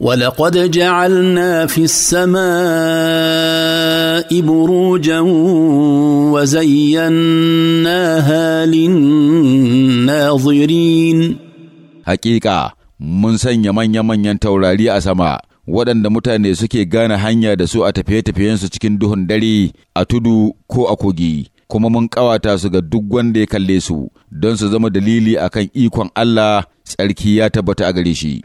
ولقد جعلنا في السماء بروجا وزيناها للناظرين حقيقة mun sanya manya-manyan taurari a sama waɗanda mutane suke gane hanya da su a tafiye-tafiyensu cikin duhun dare a tudu ko a kogi kuma mun ƙawata su ga duk wanda ya kalle su don su zama dalili akan ikon Allah Sarki ya tabbata a gare shi